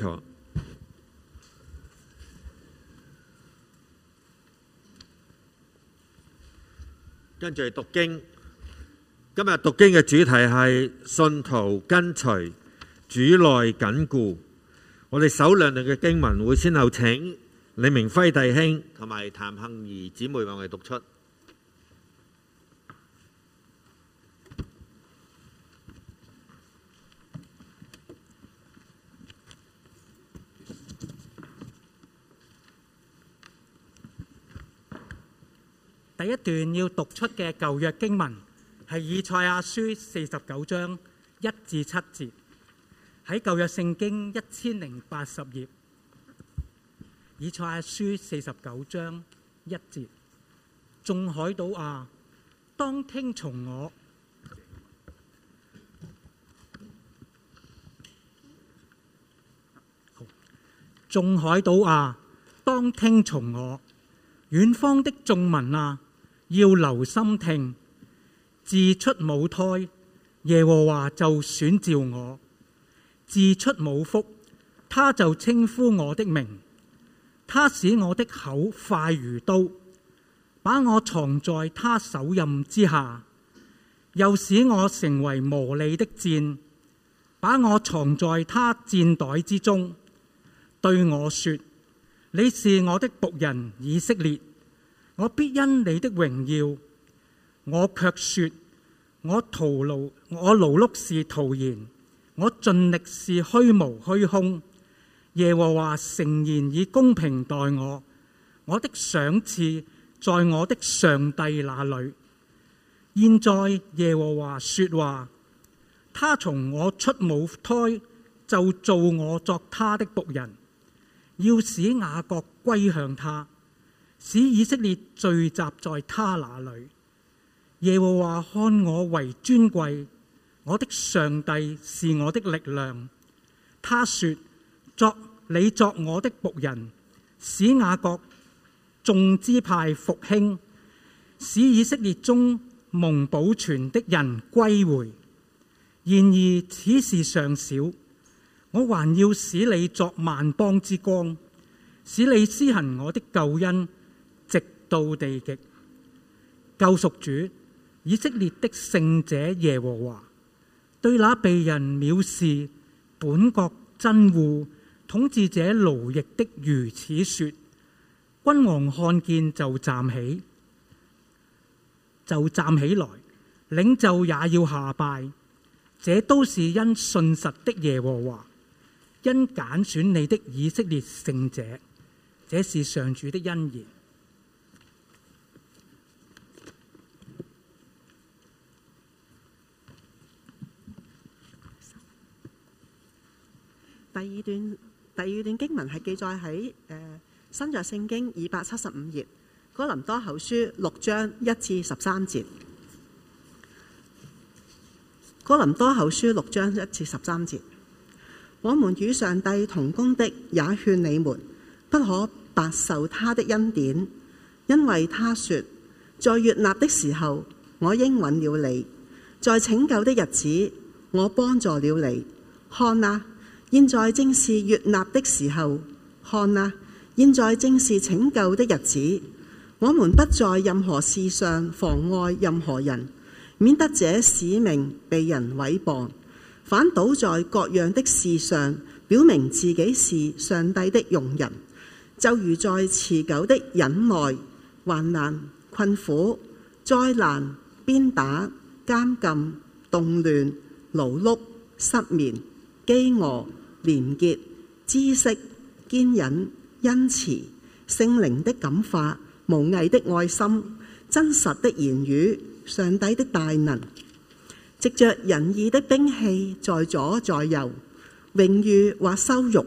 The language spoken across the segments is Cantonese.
好，跟住讀經。今日讀經嘅主題係信徒跟隨主內緊固。我哋首兩段嘅經文會先後請李明輝弟兄同埋譚杏怡姊妹兩位讀出。第一段要讀出嘅舊約經文係以賽亞書四十九章一至七節，喺舊約聖經一千零八十頁。以賽亞書四十九章一節，眾海島啊，當聽從我；眾海島啊，當聽從我；遠方的眾民啊，要留心聽，自出母胎，耶和華就選召我；自出母腹，他就稱呼我的名。他使我的口快如刀，把我藏在他手印之下，又使我成為磨利的箭，把我藏在他箭袋之中。對我說：你是我的僕人以色列。我必因你的榮耀，我卻說，我徒勞，我勞碌是徒然，我盡力是虛無虛空。耶和華誠然以公平待我，我的賞賜在我的上帝那裏。現在耶和華說話，他從我出母胎就造我作他的僕人，要使雅各歸向他。使以色列聚集在他那裏，耶和華看我為尊貴，我的上帝是我的力量。他說：作你作我的僕人，使雅各眾支派復興，使以色列中蒙保存的人歸回。然而此事尚小，我還要使你作萬邦之光，使你施行我的救恩。到地極救贖主以色列的聖者耶和華對那被人藐視、本國真護統治者奴役的如此說：君王看見就站起，就站起來，領袖也要下拜。這都是因信實的耶和華，因揀選，選你的以色列聖者，這是上主的恩言。第二段第二段經文係記載喺、呃《新約聖經》二百七十五頁，《哥林多後書》六章一至十三節，《哥林多後書》六章一至十三節。我們與上帝同工的也勸你們，不可白受他的恩典，因為他說：在悅納的時候，我應允了你；在拯救的日子，我幫助了你。看哪、啊！現在正是悦納的時候，看啊！現在正是拯救的日子。我們不在任何事上妨礙任何人，免得這使命被人毀謗，反倒在各樣的事上表明自己是上帝的用人。就如在持久的忍耐、患難、困苦、災難、鞭打、監禁、動亂、勞碌、失眠、飢餓、廉潔、結知識、堅忍、恩慈、聖靈的感化、無偽的愛心、真實的言語、上帝的大能，藉着仁義的兵器，在左在右，榮譽或羞辱，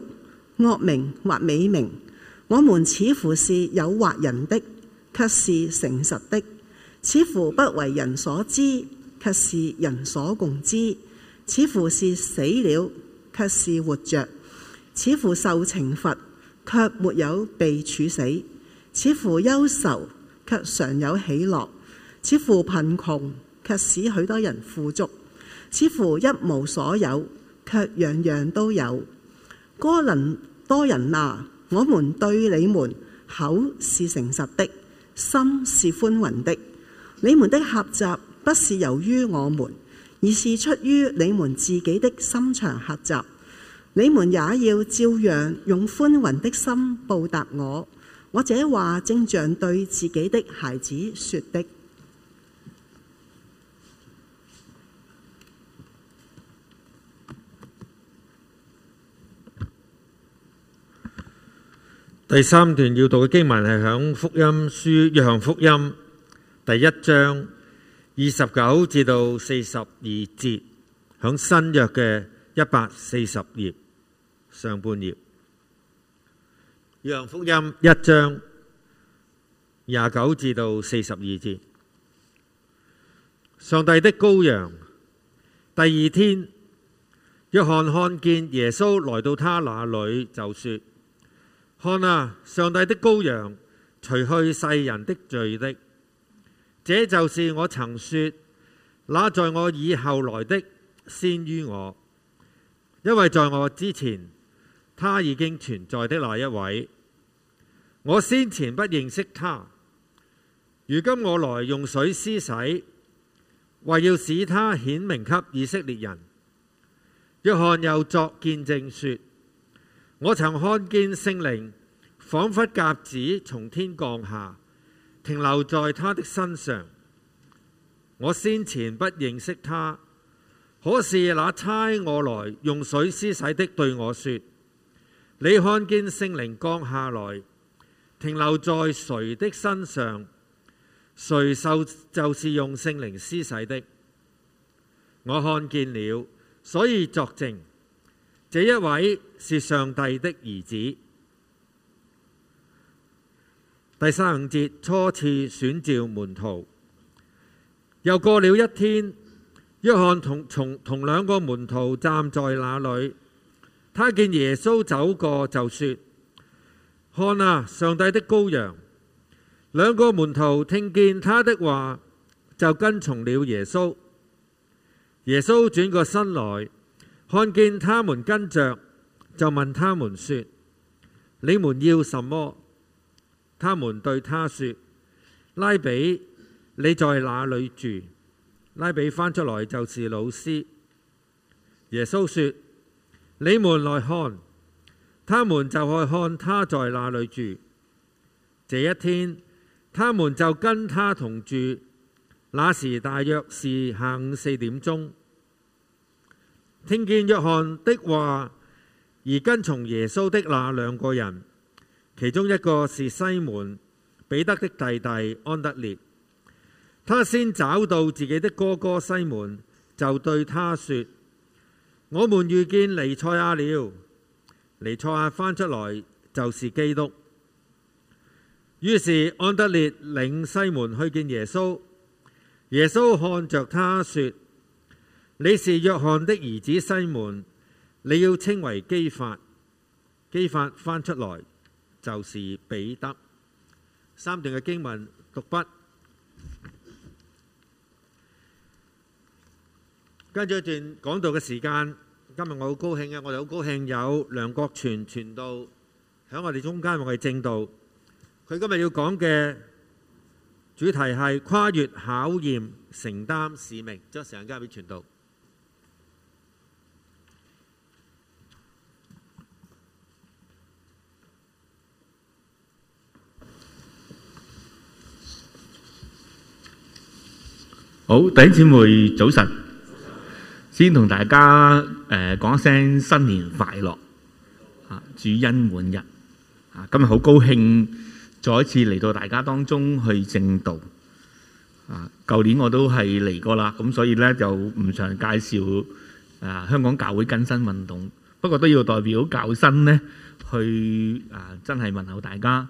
惡名或美名，我們似乎是誘惑人的，却是誠實的；似乎不為人所知，卻是人所共知；似乎是死了。卻是活着，似乎受懲罰，卻沒有被處死；似乎憂愁，卻常有喜樂；似乎貧窮，卻使許多人富足；似乎一無所有，卻樣樣都有。哥林多人啊，我們對你們口是誠實的，心是寬宏的。你們的狹窄不是由於我們。而是出於你們自己的心腸狹窄，你們也要照樣用寬宏的心報答我，我這話正像對自己的孩子說的。第三段要讀嘅經文係響《福音書》《約翰福音》第一章。二十九至到四十二節，響新約嘅一百四十頁上半頁，羊福音一章廿九至到四十二節。上帝的羔羊，第二天，約翰看，看見耶穌來到他那裏，就說：看啊，上帝的羔羊，除去世人的罪的。這就是我曾說，那在我以後來的先於我，因為在我之前，他已經存在的那一位。我先前不認識他，如今我來用水施洗，為要使他顯明給以色列人。約翰又作見證說：我曾看見聖靈彷彿鴿子從天降下。停留在他的身上。我先前不認識他，可是那差我來用水施洗的對我說：你看見聖靈降下來，停留在誰的身上，誰受就是用聖靈施洗的。我看見了，所以作證，這一位是上帝的兒子。第三五節，初次選召門徒。又過了一天，約翰同從同兩個門徒站在那裏，他見耶穌走過，就說：看啊，上帝的羔羊！兩個門徒聽見他的話，就跟從了耶穌。耶穌轉過身來，看見他們跟着，就問他們說：你們要什麼？他們對他説：拉比，你在哪裏住？拉比翻出來就是老師。耶穌説：你們來看，他們就去看他在哪裏住。這一天，他們就跟他同住。那時大約是下午四點鐘，聽見約翰的話而跟從耶穌的那兩個人。其中一個是西門彼得的弟弟安德烈，他先找到自己的哥哥西門，就對他說：我們遇見彌賽亞了，彌賽亞翻出來就是基督。於是安德烈領西門去見耶穌，耶穌看着他說：你是約翰的兒子西門，你要稱為基法，基法翻出來，就是彼得三段嘅經文讀畢，跟住一段講道嘅時間。今日我好高興呀，我哋好高興有梁國全傳道喺我哋中間，我係正道。佢今日要講嘅主題係跨越考驗，承擔使命，將時間交俾傳道。好，弟兄姊妹，早晨！先同大家誒講一聲新年快樂，啊，主恩滿溢，啊，今日好高興再一次嚟到大家當中去正道，啊，舊年我都係嚟過啦，咁所以咧就唔常介紹啊香港教會更新運動，不過都要代表教新咧去啊，真係問候大家，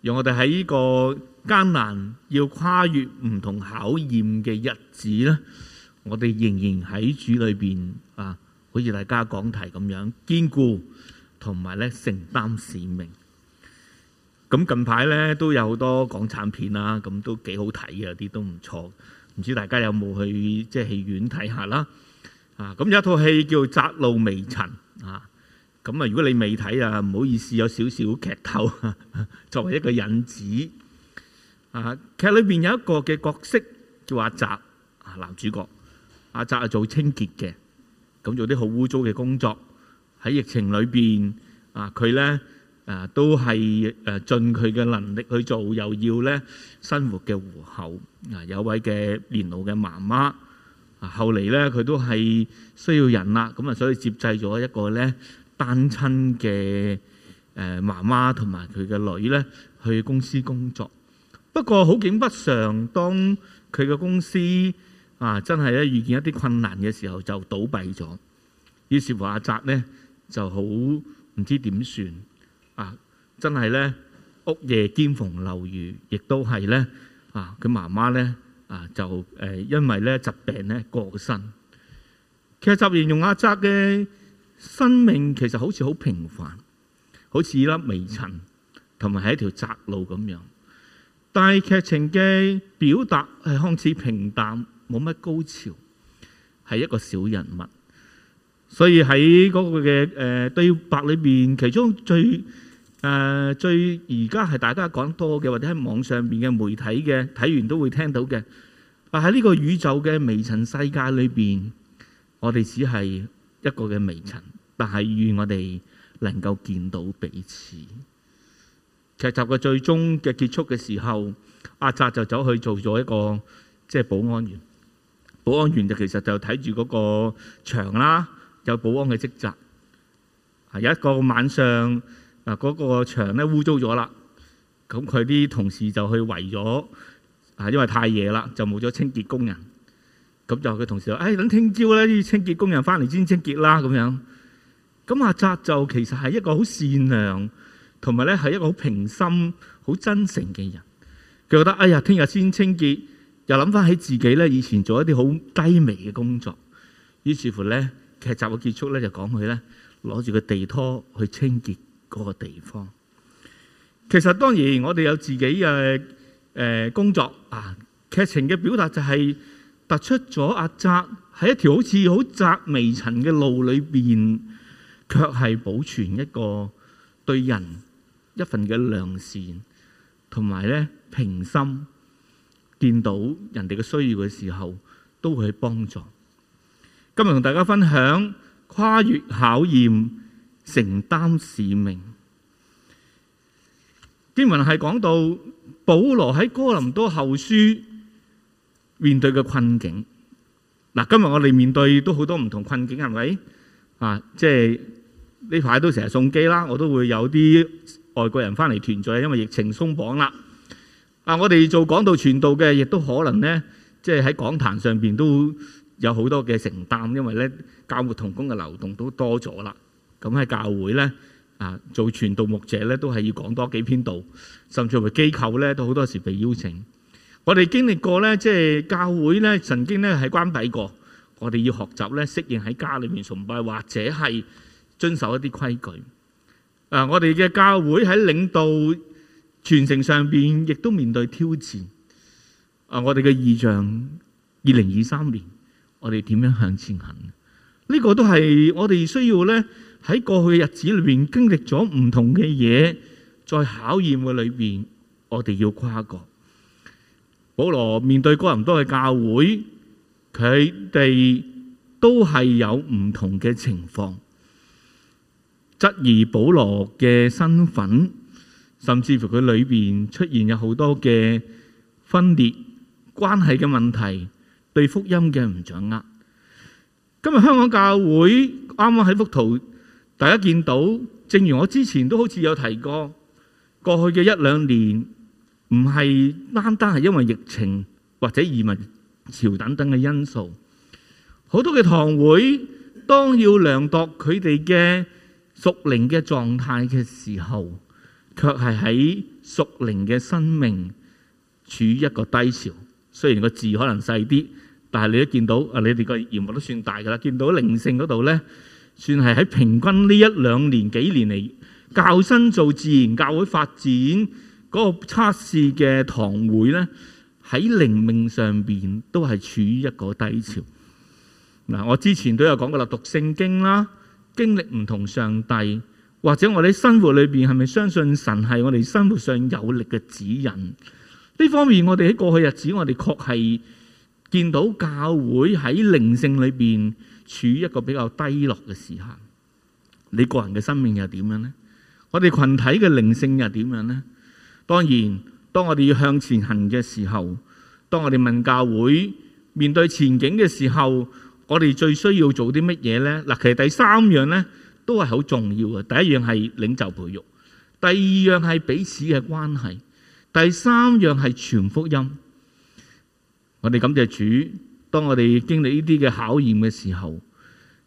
讓我哋喺呢個艱難要跨越唔同考驗嘅日子咧，我哋仍然喺主裏邊啊，好似大家講題咁樣堅固同埋咧承擔使命。咁、嗯嗯、近排咧都有好多港產片啦，咁、嗯、都幾好睇嘅，啲都唔錯。唔知大家有冇去即係戲院睇下啦？啊，咁、嗯、有一套戲叫《窄路微塵》啊。咁、嗯、啊，如果你未睇啊，唔好意思，有少少，少劇透， 作為一個引子。啊！劇裏邊有一個嘅角色叫阿澤啊，男主角阿澤係做清潔嘅，咁做啲好污糟嘅工作喺疫情裏邊啊。佢咧誒都係誒盡佢嘅能力去做，又要咧生活嘅糊口啊。有位嘅年老嘅媽媽啊，後嚟咧佢都係需要人啦，咁啊，所以接濟咗一個咧單親嘅誒媽媽同埋佢嘅女咧去公司工作。不過好景不常，當佢嘅公司啊真係咧遇見一啲困難嘅時候，就倒閉咗。於是乎阿澤呢就好唔知點算啊！真係呢，屋夜兼逢漏雨，亦都係呢，啊！佢媽媽呢，啊就誒因為呢疾病咧過身。其實形容阿澤嘅生命其實好似好平凡，好似粒微塵，同埋係一條窄路咁樣。但係劇情嘅表達係看似平淡，冇乜高潮，係一個小人物。所以喺嗰個嘅誒、呃、對白裏邊，其中最誒、呃、最而家係大家講多嘅，或者喺網上邊嘅媒體嘅睇完都會聽到嘅。但喺呢個宇宙嘅微塵世界裏邊，我哋只係一個嘅微塵，但係願我哋能夠見到彼此。劇集嘅最終嘅結束嘅時候，阿澤就走去做咗一個即係、就是、保安員。保安員就其實就睇住嗰個場啦，有保安嘅職責。有一個晚上，啊嗰、那個場咧污糟咗啦，咁佢啲同事就去圍咗。啊，因為太夜啦，就冇咗清潔工人。咁就佢同事話誒、哎、等聽朝咧要清潔工人翻嚟先清潔啦咁樣。咁阿澤就其實係一個好善良。同埋咧，係一個好平心、好真誠嘅人。佢覺得哎呀，聽日先清潔，又諗翻起自己咧，以前做一啲好低微嘅工作。於是乎咧，劇集嘅結束咧，就講佢咧攞住個地拖去清潔嗰個地方。其實當然，我哋有自己嘅誒、呃、工作啊。劇情嘅表達就係、是、突出咗阿澤喺一條好似好窄微塵嘅路裏邊，卻係保存一個對人一份嘅良善，同埋咧平心見到人哋嘅需要嘅時候，都會去幫助。今日同大家分享跨越考驗，承擔使命。經文係講到保羅喺哥林多後書面對嘅困境。嗱，今日我哋面對都好多唔同困境，係咪啊？即係呢排都成日送機啦，我都會有啲。外國人翻嚟團聚，因為疫情鬆綁啦。啊，我哋做講道傳道嘅，亦都可能咧，即係喺講壇上邊都有好多嘅承擔，因為咧，教牧同工嘅流動都多咗啦。咁喺教會咧，啊，做傳道牧者咧，都係要講多幾篇道，甚至乎機構咧，都好多時被邀請。我哋經歷過咧，即係教會咧，曾經咧係關閉過。我哋要學習咧，適應喺家裏面崇拜，或者係遵守一啲規矩。啊！我哋嘅教會喺領導傳承上邊，亦都面對挑戰。啊！我哋嘅異象，二零二三年，我哋點樣向前行？呢、這個都係我哋需要咧，喺過去嘅日子裏邊經歷咗唔同嘅嘢，在考驗嘅裏邊，我哋要跨過。保羅面對個人多嘅教會，佢哋都係有唔同嘅情況。質疑保羅嘅身份，甚至乎佢裏邊出現有好多嘅分裂關係嘅問題，對福音嘅唔掌握。今日香港教會啱啱喺幅圖，大家見到，正如我之前都好似有提過，過去嘅一兩年唔係單單係因為疫情或者移民潮等等嘅因素，好多嘅堂會當要量度佢哋嘅。屬靈嘅狀態嘅時候，卻係喺屬靈嘅生命處於一個低潮。雖然個字可能細啲，但係你都見到啊，你哋個言語都算大㗎啦。見到靈性嗰度呢，算係喺平均呢一兩年幾年嚟教新做自然教會發展嗰個測試嘅堂會呢，喺靈命上邊都係處於一個低潮。嗱，我之前都有講過啦，讀聖經啦。經歷唔同上帝，或者我哋生活裏邊係咪相信神係我哋生活上有力嘅指引？呢方面我哋喺過去日子我哋確係見到教會喺靈性裏邊處於一個比較低落嘅時刻。你個人嘅生命又點樣呢？我哋群體嘅靈性又點樣呢？當然，當我哋要向前行嘅時候，當我哋問教會面對前景嘅時候。我哋最需要做啲乜嘢呢？嗱，其實第三樣呢都係好重要嘅。第一樣係領袖培育，第二樣係彼此嘅關係，第三樣係傳福音。我哋感謝主，當我哋經歷呢啲嘅考驗嘅時候，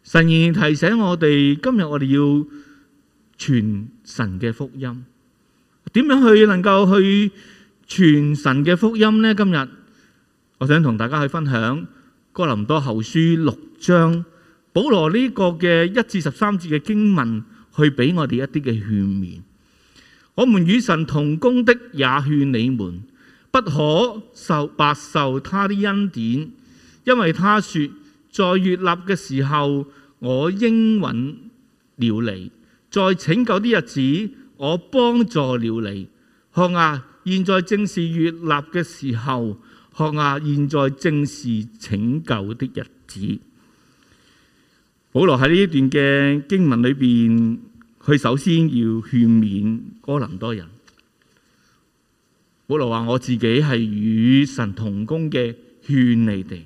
神仍然提醒我哋，今日我哋要傳神嘅福音。點樣去能夠去傳神嘅福音呢？今日我想同大家去分享。哥林多後書六章，保羅呢個嘅一至十三節嘅經文，去俾我哋一啲嘅勸勉。 我們與神同工的也勸你們，不可受白受他的恩典，因為他說：在悅納嘅時候，我應允了你；在拯救的日子，我幫助了你。看啊，現在正是悅納嘅時候。學亞現在正是拯救的日子。保羅喺呢段嘅經文裏邊，佢首先要勸勉哥林多人。保羅話：我自己係與神同工嘅，勸你哋。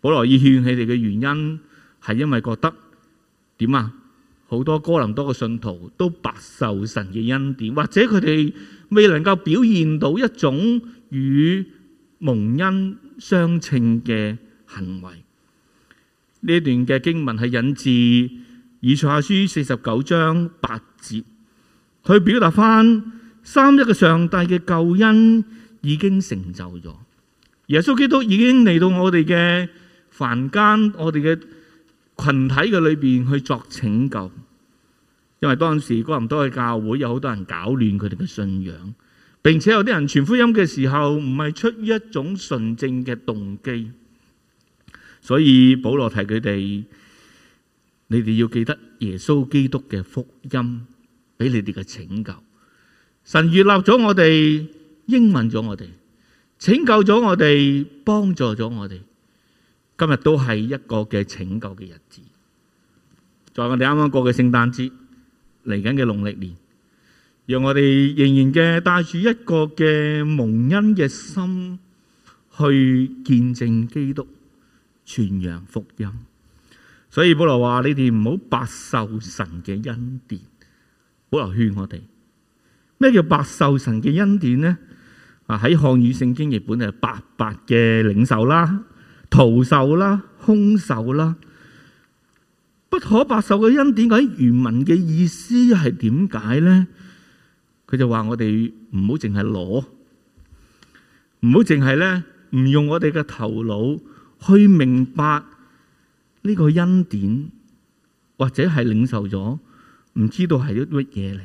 保羅要勸佢哋嘅原因係因為覺得點啊？好多哥林多嘅信徒都白受神嘅恩典，或者佢哋未能夠表現到一種與蒙恩相稱嘅行為，呢段嘅經文係引致以賽亞書四十九章八節，去表達翻三一嘅上帝嘅救恩已經成就咗，耶穌基督已經嚟到我哋嘅凡間，我哋嘅群體嘅裏邊去作拯救，因為當時哥林多嘅教會有好多人搞亂佢哋嘅信仰。並且有啲人傳福音嘅時候唔係出於一種純正嘅動機，所以保羅提佢哋：你哋要記得耶穌基督嘅福音，俾你哋嘅拯救。神預立咗我哋，應允咗我哋，拯救咗我哋，幫助咗我哋。今日都係一個嘅拯救嘅日子。在我哋啱啱過嘅聖誕節，嚟緊嘅農曆年。讓我哋仍然嘅帶住一個嘅蒙恩嘅心去見證基督、傳揚福音。所以保羅話：你哋唔好白受神嘅恩典。保羅勸我哋咩叫白受神嘅恩典咧？啊喺漢語聖經譯本係白白嘅領受啦、徒受啦、凶受啦，不可白受嘅恩典。喺原文嘅意思係點解咧？佢就話：我哋唔好淨係攞，唔好淨係咧，唔用我哋嘅頭腦去明白呢個恩典，或者係領受咗，唔知道係一乜嘢嚟。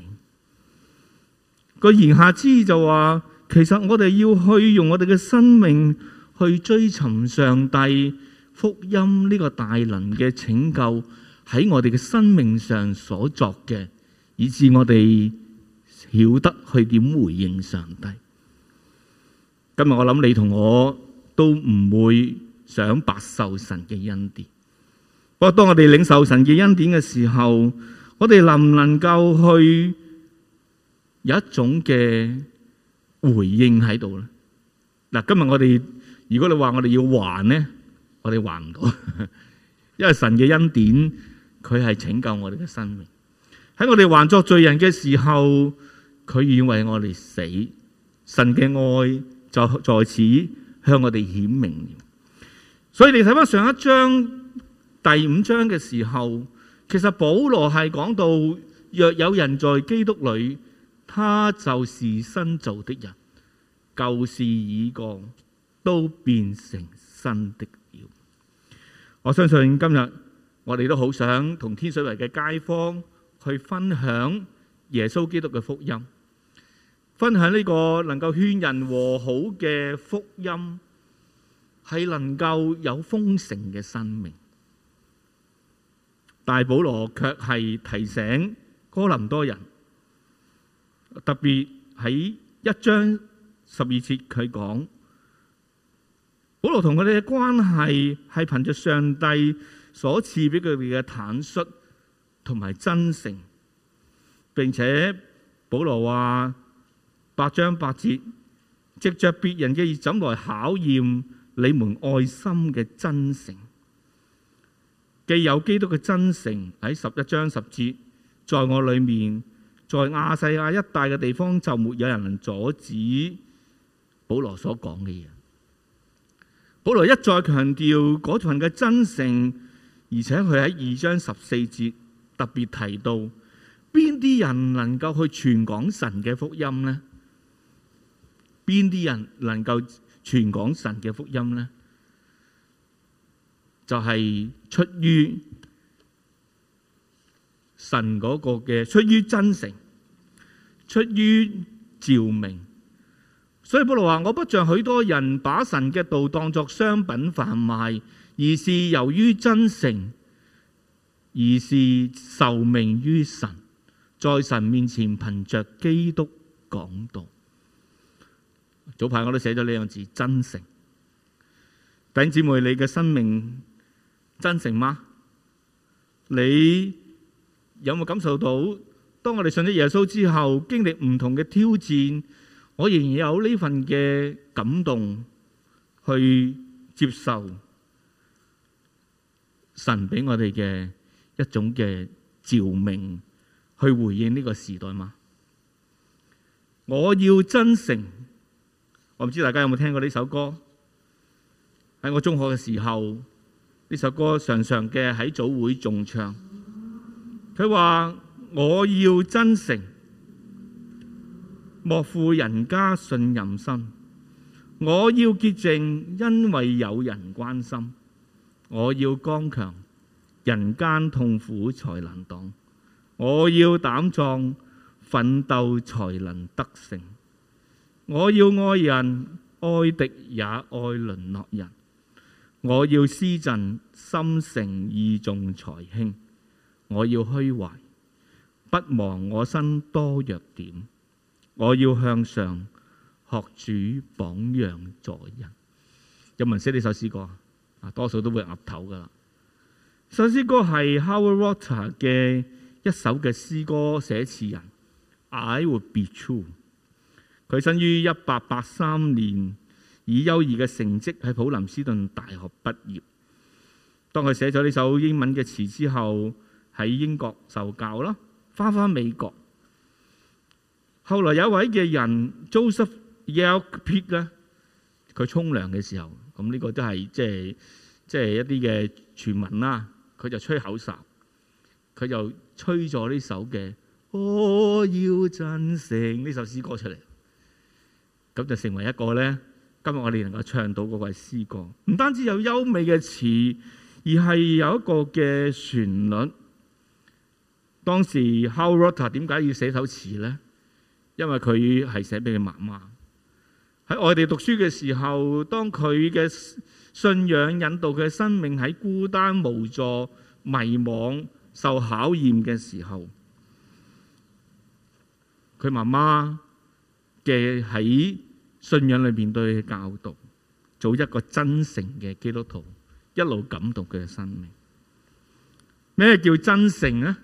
個言下之意就話，其實我哋要去用我哋嘅生命去追尋上帝福音呢個大能嘅拯救，喺我哋嘅生命上所作嘅，以致我哋。曉得佢點回應上帝。今日我諗你同我都唔會想白受神嘅恩典。不過當我哋領受神嘅恩典嘅時候，我哋能唔能夠去有一種嘅回應喺度呢？嗱，今日我哋如果你話我哋要還呢，我哋還唔到，因為神嘅恩典佢係拯救我哋嘅生命。喺我哋還作罪人嘅時候。佢願為我哋死，神嘅愛就在此向我哋顯明。所以你睇翻上一章第五章嘅時候，其實保羅係講到，若有人在基督裏，他就是新造的人，舊事已過，都變成新的了。我相信今日我哋都好想同天水圍嘅街坊去分享耶穌基督嘅福音。分享呢個能夠勸人和好嘅福音，係能夠有豐盛嘅生命。但保羅卻係提醒哥林多人，特別喺一章十二節佢講，保羅同佢哋嘅關係係憑著上帝所賜俾佢哋嘅坦率同埋真誠，並且保羅話。八章八節，藉着別人嘅熱枕來考驗你們愛心嘅真誠。既有基督嘅真誠喺十一章十節，在我裏面，在亞細亞一帶嘅地方，就沒有人能阻止保羅所講嘅嘢。保羅一再強調嗰群人嘅真誠，而且佢喺二章十四節特別提到邊啲人能夠去傳講神嘅福音呢？」邊啲人能夠傳講神嘅福音呢？就係、是、出於神嗰個嘅出於真誠，出於照明。所以保羅話：我不像許多人把神嘅道當作商品販賣，而是由於真誠，而是受命於神，在神面前憑着基督講道。早排我都寫咗呢樣字，真誠。弟兄姊妹，你嘅生命真誠嗎？你有冇感受到，當我哋信咗耶穌之後，經歷唔同嘅挑戰，我仍然有呢份嘅感動去接受神俾我哋嘅一種嘅召命，去回應呢個時代嗎？我要真誠。我唔知大家有冇聽過呢首歌，喺我中學嘅時候，呢首歌常常嘅喺早會中唱。佢話，我要真誠，莫負人家信任心；我要潔淨，因為有人關心；我要剛強，人間痛苦才能擋；我要膽壯，奮鬥才能得勝。我要愛人、愛敵也愛淪落人。我要施盡心誠意，重財輕。我要虛懷，不忘我身多弱點。我要向上學主榜樣助人。有冇人寫呢首詩歌？啊，多數都會岌頭㗎喇。首詩歌係 Howard Walter 嘅一首嘅詩歌寫，寫詞人 I would be true。佢生於一八八三年，以優異嘅成績喺普林斯頓大學畢業。當佢寫咗呢首英文嘅詞之後，喺英國受教啦，翻返美國。後來有一位嘅人 Joseph y a p p i c k 呢佢沖涼嘅時候，咁、這、呢個都係即係即係一啲嘅傳聞啦。佢就吹口哨，佢就吹咗呢首嘅《我要振興》呢首詩歌出嚟。咁就成為一個呢。今日我哋能夠唱到嗰位詩歌，唔單止有優美嘅詞，而係有一個嘅旋律。當時 Howard Rutter 點解要寫首詞呢？因為佢係寫俾佢媽媽喺外地讀書嘅時候，當佢嘅信仰引導佢嘅生命喺孤單、無助、迷惘、受考驗嘅時候，佢媽媽嘅喺。信仰裏面對教導，做一個真誠嘅基督徒，一路感動佢嘅生命。咩叫真誠咧？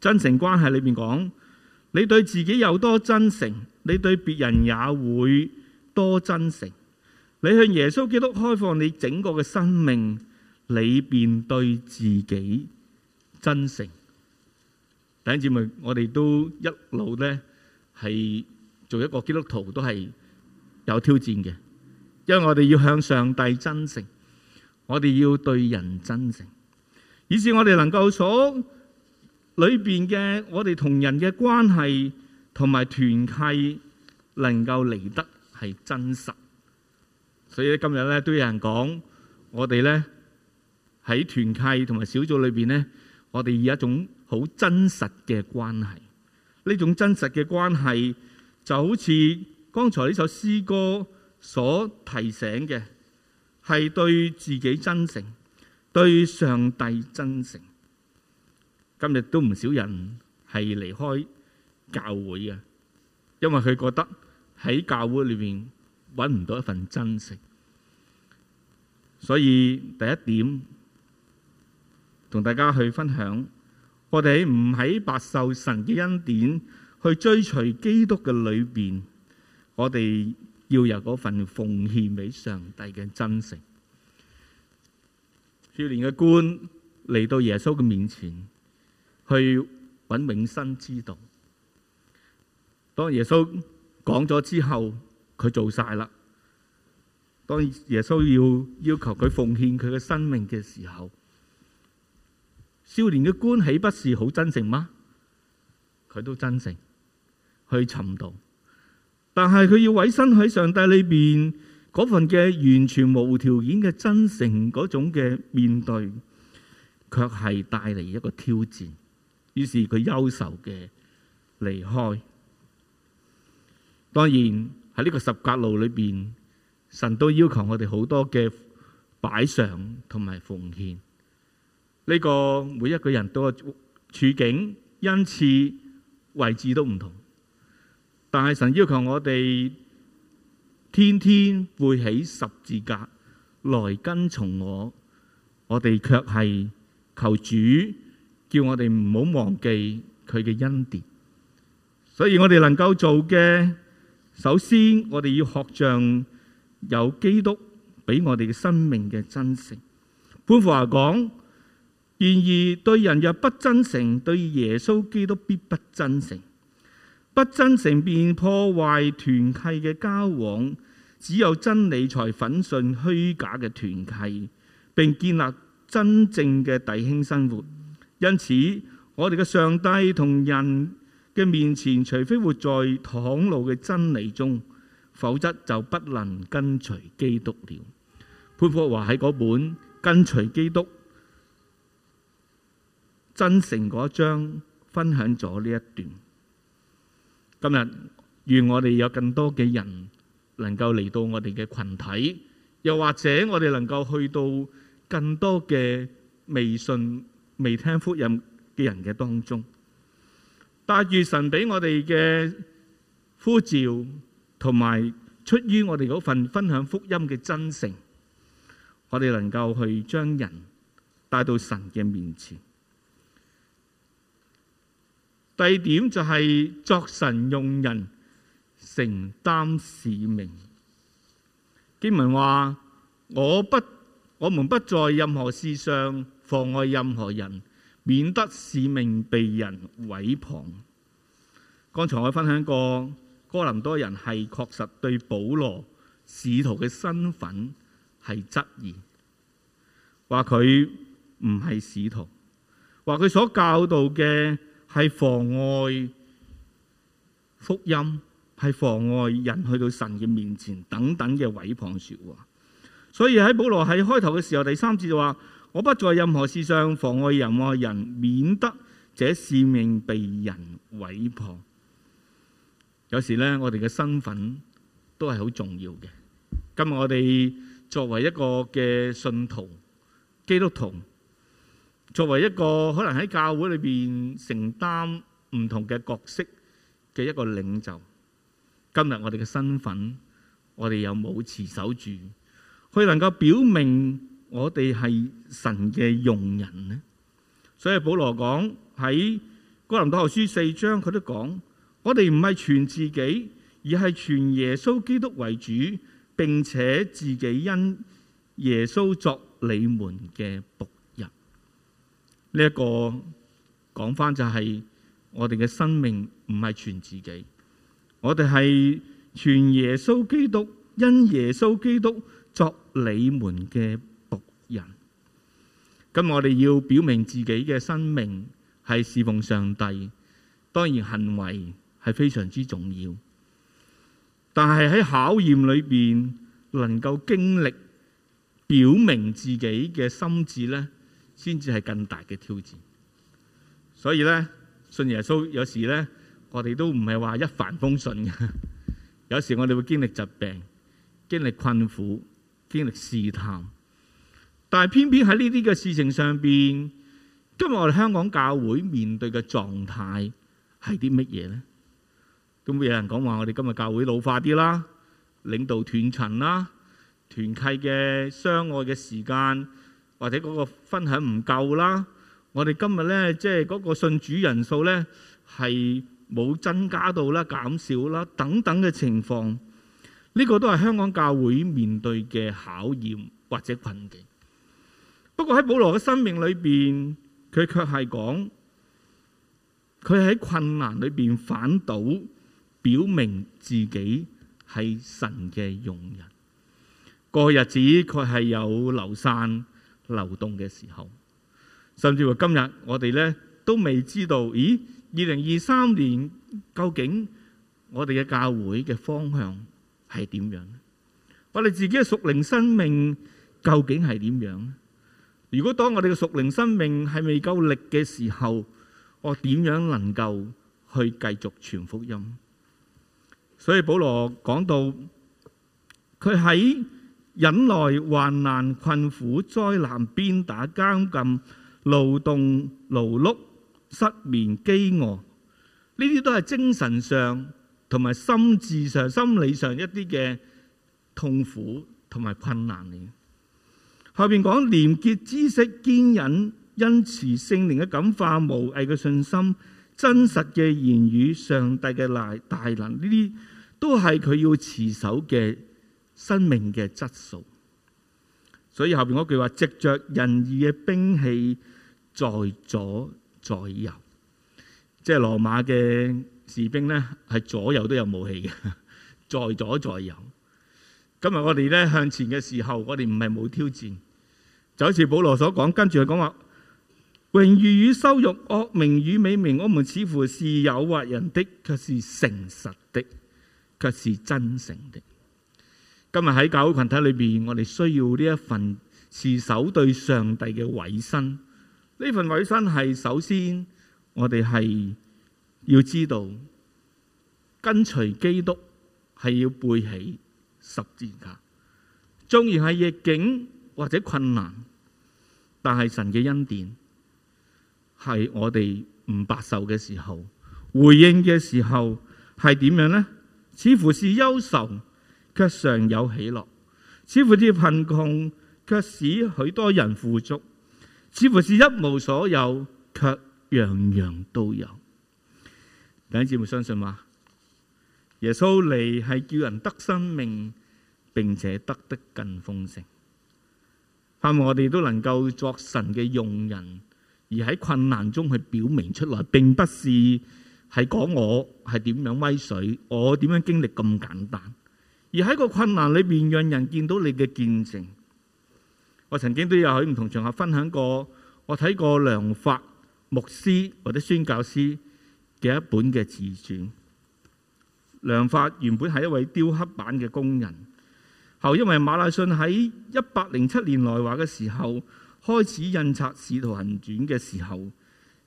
真誠關係裏面講，你對自己有多真誠，你對別人也會多真誠。你向耶穌基督開放你整個嘅生命，裏面對自己真誠。第一節目我哋都一路呢係。做一個基督徒都係有挑戰嘅，因為我哋要向上帝真誠，我哋要對人真誠，以至我哋能夠從裏邊嘅我哋同人嘅關係同埋團契能夠嚟得係真實。所以咧，今日咧都有人講，我哋咧喺團契同埋小組裏邊咧，我哋以一種好真實嘅關係，呢種真實嘅關係。就好似剛才呢首詩歌所提醒嘅，係對自己真誠，對上帝真誠。今日都唔少人係離開教會啊，因為佢覺得喺教會裏面揾唔到一份真誠。所以第一點，同大家去分享，我哋唔喺白受神嘅恩典。去追隨基督嘅裏邊，我哋要有嗰份奉獻俾上帝嘅真誠。少年嘅官嚟到耶穌嘅面前，去揾永生之道。當耶穌講咗之後，佢做晒啦。當耶穌要要求佢奉獻佢嘅生命嘅時候，少年嘅官豈不是好真誠嗎？佢都真誠。去尋道，但係佢要委身喺上帝裏邊嗰份嘅完全無條件嘅真誠嗰種嘅面對，卻係帶嚟一個挑戰。於是佢憂愁嘅離開。當然喺呢個十格路裏邊，神都要求我哋好多嘅擺上同埋奉獻。呢、這個每一個人都處境，恩賜位置都唔同。但係神要求我哋天天背起十字架來跟從我，我哋卻係求主叫我哋唔好忘記佢嘅恩典。所以我哋能夠做嘅，首先我哋要學像有基督俾我哋嘅生命嘅真誠。潘富華講：然而對人若不真誠，對耶穌基督必不真誠。不真誠便破壞團契嘅交往，只有真理才粉信虛假嘅團契，並建立真正嘅弟兄生活。因此，我哋嘅上帝同人嘅面前，除非活在坦露嘅真理中，否則就不能跟隨基督了。潘霍華喺嗰本《跟隨基督：真誠》嗰章分享咗呢一段。今日願我哋有更多嘅人能夠嚟到我哋嘅羣體，又或者我哋能夠去到更多嘅未信、未聽福音嘅人嘅當中。帶住神俾我哋嘅呼召，同埋出於我哋嗰份分享福音嘅真誠，我哋能夠去將人帶到神嘅面前。第二點就係作神用人承擔使命。經文話：我不，我們不在任何事上妨礙任何人，免得使命被人毀謗。剛才我分享過，哥林多人係確實對保羅使徒嘅身份係質疑，話佢唔係使徒，話佢所教導嘅。係妨礙福音，係妨礙人去到神嘅面前，等等嘅毀謗說話。所以喺保羅喺開頭嘅時候，第三節就話：我不在任何事上妨礙任何人，免得這使命被人毀謗。有時呢，我哋嘅身份都係好重要嘅。今日我哋作為一個嘅信徒、基督徒。作為一個可能喺教會裏邊承擔唔同嘅角色嘅一個領袖，今日我哋嘅身份，我哋有冇持守住？佢能夠表明我哋係神嘅用人呢？所以保羅講喺哥林多後書四章，佢都講我哋唔係傳自己，而係傳耶穌基督為主，並且自己因耶穌作你們嘅僕。呢一個講返就係我哋嘅生命唔係全自己，我哋係全耶穌基督，因耶穌基督作你們嘅僕人。咁我哋要表明自己嘅生命係侍奉上帝，當然行為係非常之重要。但係喺考驗裏邊能夠經歷，表明自己嘅心智呢，先至係更大嘅挑戰，所以咧，信耶穌有時咧，我哋都唔係話一帆風順嘅。 有時我哋會經歷疾病、經歷困苦、經歷試探，但係偏偏喺呢啲嘅事情上邊，今日我哋香港教會面對嘅狀態係啲乜嘢咧？咁會有人講話我哋今日教會老化啲啦，領導斷層啦，團契嘅相愛嘅時間。或者嗰個分享唔夠啦。我哋今日呢，即係嗰個信主人數呢，係冇增加到啦，減少啦，等等嘅情況。呢個都係香港教會面對嘅考驗或者困境。不過喺保羅嘅生命裏邊，佢卻係講佢喺困難裏邊反倒，表明自己係神嘅用人。過去日子，佢係有流散。流動嘅時候，甚至乎今日我哋呢都未知道，咦？二零二三年究竟我哋嘅教會嘅方向係點樣？我哋自己嘅屬靈生命究竟係點樣？如果當我哋嘅屬靈生命係未夠力嘅時候，我點樣能夠去繼續傳福音？所以保羅講到，佢喺。忍耐患難、困苦、災難、鞭打、監禁、勞動、勞碌、失眠、飢餓，呢啲都係精神上同埋心智上、心理上一啲嘅痛苦同埋困難嚟。後邊講廉潔、知識、堅忍、因持、聖靈嘅感化、無偽嘅信心、真實嘅言語、上帝嘅大能，呢啲都係佢要持守嘅。生命嘅質素，所以後邊嗰句話，執着仁義嘅兵器，在左在右，即係羅馬嘅士兵呢，係左右都有武器嘅， 在左在右。今日我哋呢向前嘅時候，我哋唔係冇挑戰，就好似保羅所講，跟住佢講話，榮譽與羞辱、惡名與美名，我們似乎是誘惑人的，卻是誠實的，卻是真誠的。今日喺教會群體裏邊，我哋需要呢一份持守對上帝嘅委身。呢份委身係首先我哋係要知道跟隨基督係要背起十字架。縱然係逆境或者困難，但係神嘅恩典係我哋唔白受嘅時候，回應嘅時候係點樣呢？似乎是憂愁。卻尚有喜樂，似乎啲貧窮，卻使許多人富足，似乎是一無所有，卻樣樣都有。弟兄姊妹，相信嗎？耶穌嚟，係叫人得生命，並且得得更豐盛。盼望我哋都能夠作神嘅用人，而喺困難中去表明出來，並不是係講我係點樣威水，我點樣經歷咁簡單。而喺個困難裏邊，讓人見到你嘅見證。我曾經都有喺唔同場合分享過。我睇過梁發牧師或者宣教師嘅一本嘅自傳。梁發原本係一位雕刻版嘅工人，後因為馬禮遜喺一百零七年來華嘅時候，開始印刷《使徒行傳》嘅時候，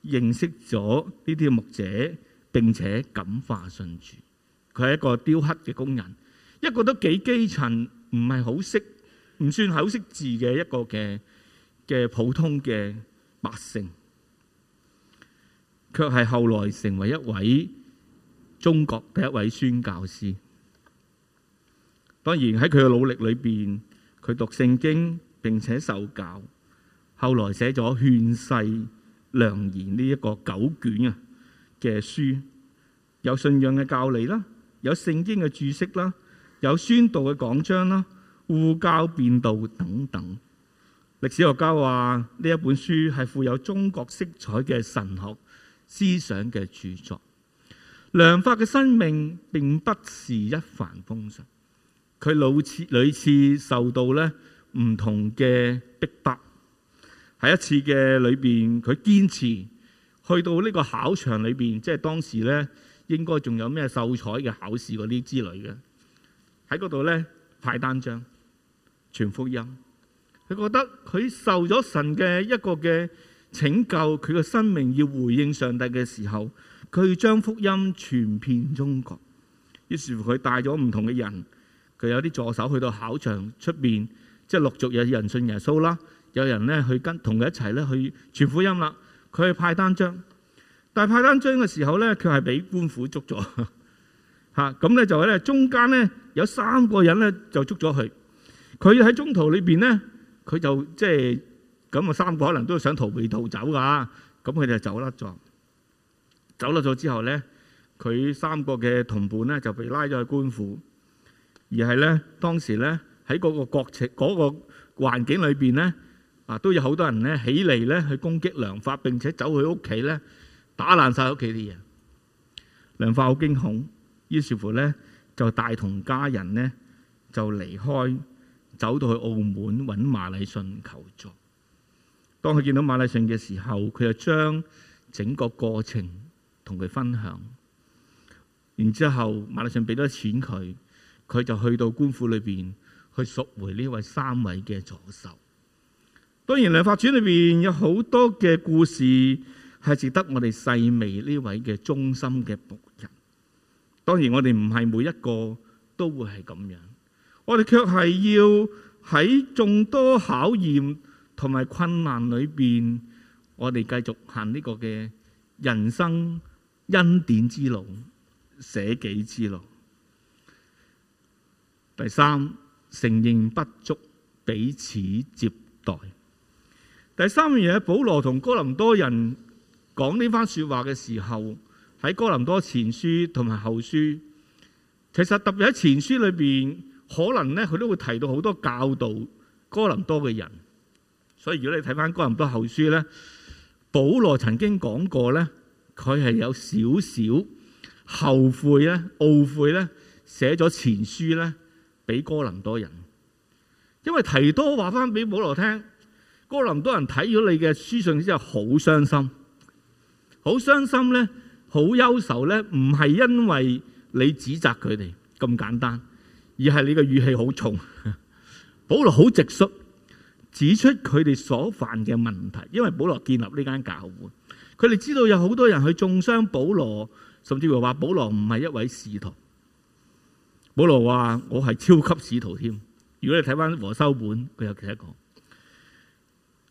認識咗呢啲牧者，並且感化信主。佢係一個雕刻嘅工人。一個都幾基層，唔係好識，唔算好識字嘅一個嘅嘅普通嘅百姓，卻係後來成為一位中國第一位宣教師。當然喺佢嘅努力裏邊，佢讀聖經並且受教，後來寫咗《勸世良言》呢一個九卷嘅書，有信仰嘅教理啦，有聖經嘅注釋啦。有宣道嘅講章啦，互教辯道等等。歷史學家話呢一本書係富有中國色彩嘅神學思想嘅著作。梁發嘅生命並不是一帆風順，佢屢次屢次受到咧唔同嘅逼迫。喺一次嘅裏邊，佢堅持去到呢個考場裏邊，即係當時咧應該仲有咩秀才嘅考試嗰啲之類嘅。喺嗰度咧派單張傳福音，佢覺得佢受咗神嘅一個嘅拯救，佢嘅生命要回應上帝嘅時候，佢要將福音傳遍中國。於是乎佢帶咗唔同嘅人，佢有啲助手去到考場出邊，即係陸續有人信耶穌啦，有人咧去跟同佢一齊咧去傳福音啦。佢去派單張，但派單張嘅時候咧，佢係俾官府捉咗嚇。咁 咧就喺咧中間咧。有三個人咧就捉咗佢，佢喺中途裏邊咧，佢就即係咁啊，三個可能都想逃避逃走噶，咁佢哋就走甩咗，走甩咗之後咧，佢三個嘅同伴咧就被拉咗去官府，而係咧當時咧喺嗰個國情嗰個環境裏邊咧，啊都有好多人咧起嚟咧去攻擊梁發，並且走去屋企咧打爛曬屋企啲嘢，梁發好驚恐，於是乎咧。就帶同家人呢，就離開，走到去澳門揾馬禮信求助。當佢見到馬禮信嘅時候，佢就將整個過程同佢分享。然之後，馬禮信俾咗錢佢，佢就去到官府裏邊去贖回呢位三位嘅助手。當然，《梁法傳》裏邊有好多嘅故事係值得我哋細味呢位嘅忠心嘅。當然，我哋唔係每一個都會係咁樣，我哋卻係要喺眾多考驗同埋困難裏邊，我哋繼續行呢個嘅人生恩典之路、捨己之路。第三，承認不足，彼此接待。第三樣嘢，保羅同哥林多人講呢番説話嘅時候。喺哥林多前書同埋後書，其實特別喺前書裏邊，可能咧佢都會提到好多教導哥林多嘅人。所以如果你睇翻哥林多後書咧，保羅曾經講過咧，佢係有少少後悔咧、懊悔咧，寫咗前書咧俾哥林多人，因為提多話翻俾保羅聽，哥林多人睇咗你嘅書信之後好傷心，好傷心咧。好憂愁呢，唔係因為你指責佢哋咁簡單，而係你個語氣好重。 保羅好直率指出佢哋所犯嘅問題，因為保羅建立呢間教會，佢哋知道有好多人去中傷保羅，甚至乎話保羅唔係一位使徒。保羅話：我係超級使徒添。如果你睇翻和修本，佢有第一講，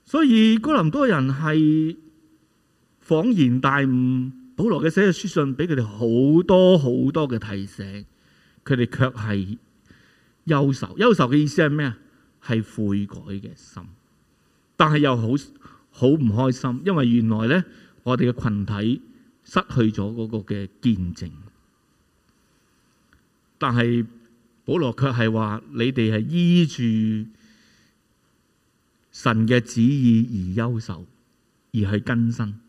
所以哥林多人係恍然大悟。保羅嘅寫嘅書信俾佢哋好多好多嘅提醒，佢哋卻係憂愁。憂愁嘅意思係咩啊？係悔改嘅心，但係又好好唔開心，因為原來呢，我哋嘅群體失去咗嗰個嘅見證。但係保羅卻係話：你哋係依住神嘅旨意而憂愁，而去更新。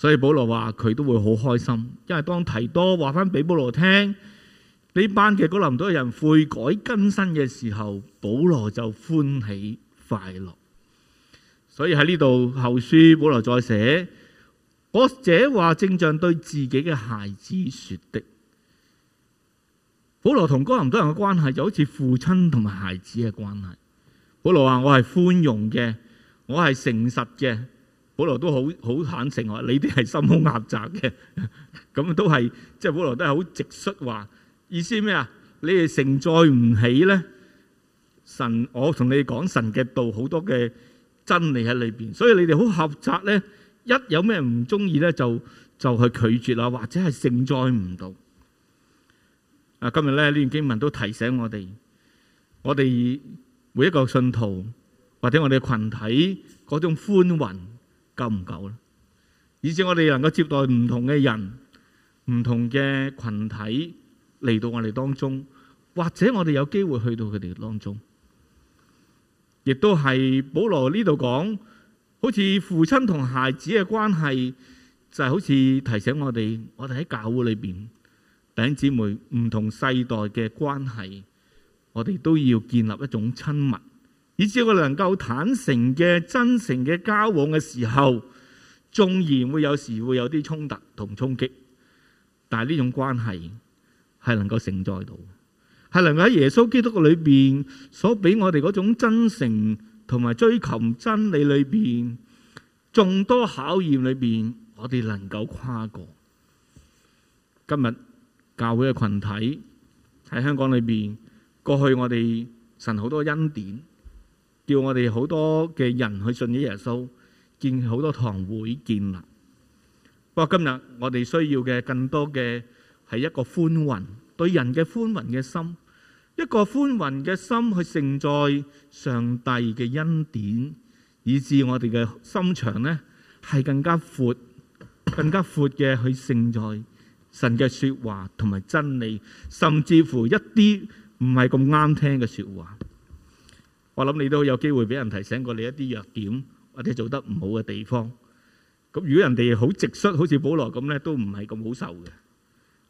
所以保羅話佢都會好開心，因為當提多話翻俾保羅聽呢班嘅哥林多人悔改更新嘅時候，保羅就歡喜快樂。所以喺呢度後書保羅再寫，我這話正像對自己嘅孩子說的。保羅同哥林多人嘅關係就好似父親同孩子嘅關係。保羅話我係寬容嘅，我係誠實嘅。保羅都好好坦誠話，你啲係心胸狹窄嘅，咁都係，即係保羅都係好直率話，意思咩啊？你哋承載唔起咧，神，我同你講神嘅道好多嘅真理喺裏邊，所以你哋好狹窄咧，一有咩唔中意咧，就就去拒絕啦，或者係承載唔到。啊，今日咧呢段經文都提醒我哋，我哋每一個信徒或者我哋嘅群體嗰種寬宏。夠唔夠咧？以致我哋能夠接待唔同嘅人、唔同嘅群體嚟到我哋當中，或者我哋有機會去到佢哋當中，亦都係保羅呢度講，好似父親同孩子嘅關係，就係好似提醒我哋，我哋喺教會裏邊弟兄姊妹唔同世代嘅關係，我哋都要建立一種親密。以至佢能夠坦誠嘅、真誠嘅交往嘅時候，縱然會有時會有啲衝突同衝擊，但係呢種關係係能夠承載到，係能夠喺耶穌基督嘅裏邊所俾我哋嗰種真誠同埋追求真理裏邊，眾多考驗裏邊，我哋能夠跨過。今日教會嘅群體喺香港裏邊，過去我哋神好多恩典。叫我哋好多嘅人去信啲耶穌，見好多堂會建立。不過今日我哋需要嘅更多嘅係一個寬宏對人嘅寬宏嘅心，一個寬宏嘅心去盛載上帝嘅恩典，以至我哋嘅心腸咧係更加闊、更加闊嘅去盛載神嘅說話同埋真理，甚至乎一啲唔係咁啱聽嘅說話。我諗你都有機會俾人提醒過你一啲弱點或者做得唔好嘅地方。咁如果人哋好直率，好似保羅咁呢，都唔係咁好受嘅。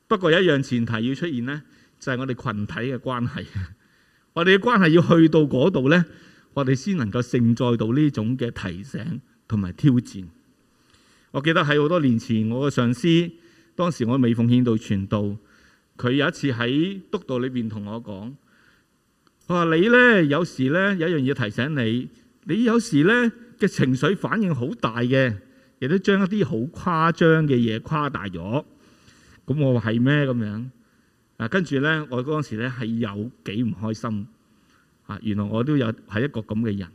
不過有一樣前提要出現呢，就係、是、我哋群體嘅關係。 我哋嘅關係要去到嗰度呢，我哋先能夠勝在到呢種嘅提醒同埋挑戰。我記得喺好多年前，我嘅上司，當時我未奉獻到全道，佢有一次喺督導裏邊同我講。我話你呢，有時呢有一樣嘢提醒你，你有時呢嘅情緒反應好大嘅，亦都將一啲好誇張嘅嘢誇大咗。咁我話係咩咁樣？啊，跟住呢，我嗰陣時呢係有幾唔開心。啊，原來我都有係一個咁嘅人。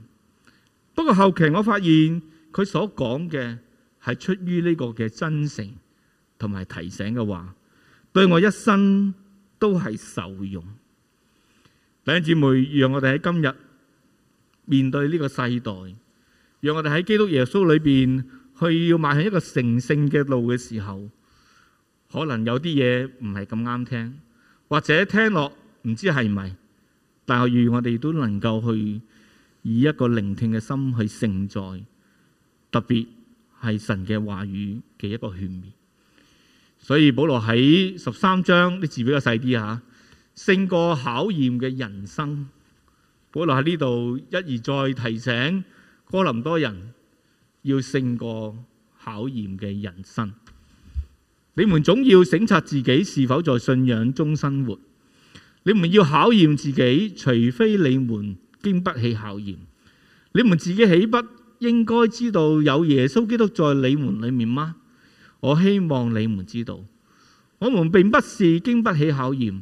不過後期我發現佢所講嘅係出於呢個嘅真誠同埋提醒嘅話，對我一生都係受用。弟兄姊妹，讓我哋喺今日面對呢個世代，讓我哋喺基督耶穌裏邊去要邁向一個成聖嘅路嘅時候，可能有啲嘢唔係咁啱聽，或者聽落唔知係咪，但係願我哋都能夠去以一個聆聽嘅心去承載，特別係神嘅話語嘅一個勸勉。所以保羅喺十三章啲字比較細啲吓。勝過考驗嘅人生，保羅喺呢度一而再提醒哥林多人要勝過考驗嘅人生。你們總要省察自己是否在信仰中生活。你們要考驗自己，除非你們經不起考驗。你們自己豈不應該知道有耶穌基督在你們裏面嗎？我希望你們知道，我們並不是經不起考驗。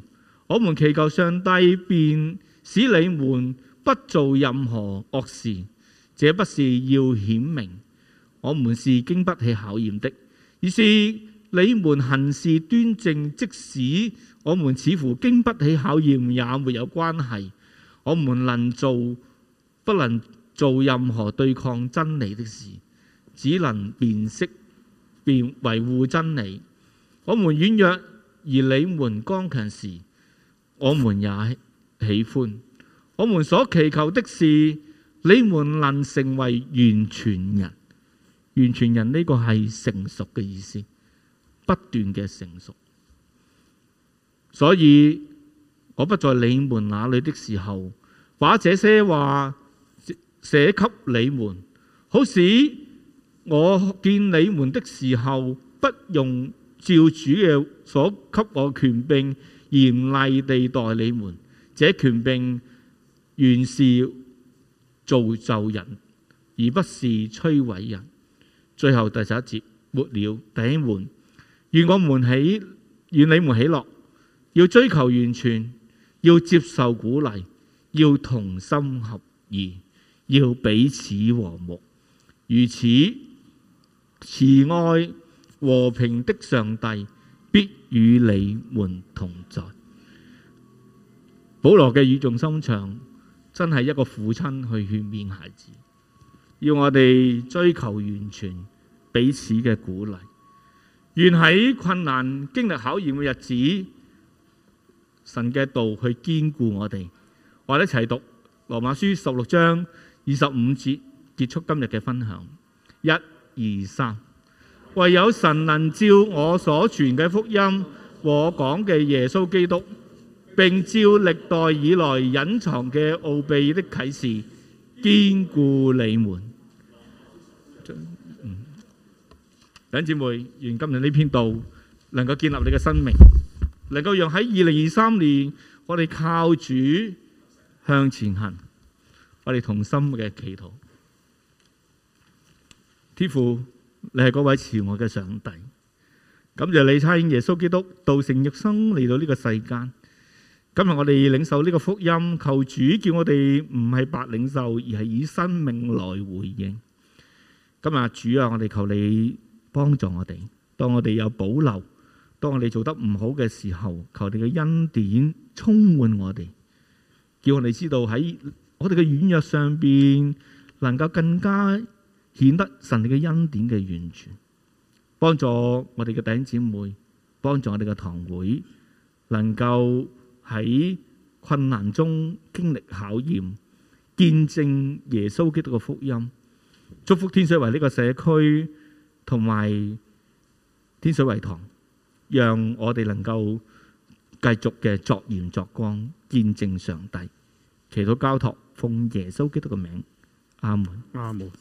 我們祈求上帝，便使你們不做任何惡事。這不是要顯明我們是經不起考驗的，而是你們行事端正，即使我們似乎經不起考驗也沒有關係。我們能做，不能做任何對抗真理的事，只能辨識、便維護真理。我們軟弱而你們剛強時。我們也喜歡，我們所祈求的是你們能成為完全人。完全人呢個係成熟嘅意思，不斷嘅成熟。所以我不在你們那裡的時候，把這些話寫給你們，好使我見你們的時候，不用照主嘅所給我權柄。嚴厲地待你們，這權柄原是造就人，而不是摧毀人。最後第十一節，末了弟兄們，願我們起，願你們喜樂，要追求完全，要接受鼓勵，要同心合意，要彼此和睦。如此慈愛和平的上帝。與你們同在，保羅嘅語重心長，真係一個父親去勸勉孩子，要我哋追求完全，彼此嘅鼓勵。願喺困難、經歷考驗嘅日子，神嘅道去堅固我哋。我哋一齊讀羅馬書十六章二十五節，結束今日嘅分享。一、二、三。唯有神能照我所傳嘅福音，和我講嘅耶穌基督，並照歷代以來隱藏嘅奧秘的啟示，堅固你們。等姊妹，願今日呢篇道能夠建立你嘅生命，能夠讓喺二零二三年，我哋靠主向前行。我哋同心嘅祈禱，天父，你係嗰位慈愛嘅上帝，感謝你差遣耶穌基督道成肉身嚟到呢個世間。今日我哋領受呢個福音，求主叫我哋唔係白領受，而係以生命來回應。今日主啊，我哋求你幫助我哋，當我哋有保留，當我哋做得唔好嘅時候，求你嘅恩典充滿我哋，叫我哋知道喺我哋嘅軟弱上邊，能夠更加。顯得神嘅恩典嘅完全，幫助我哋嘅弟兄姊妹，幫助我哋嘅堂會，能夠喺困難中經歷考驗，見證耶穌基督嘅福音，祝福天水圍呢個社區同埋天水圍堂，讓我哋能夠繼續嘅作鹽作光，見證上帝。祈禱交託，奉耶穌基督嘅名，阿門，阿門。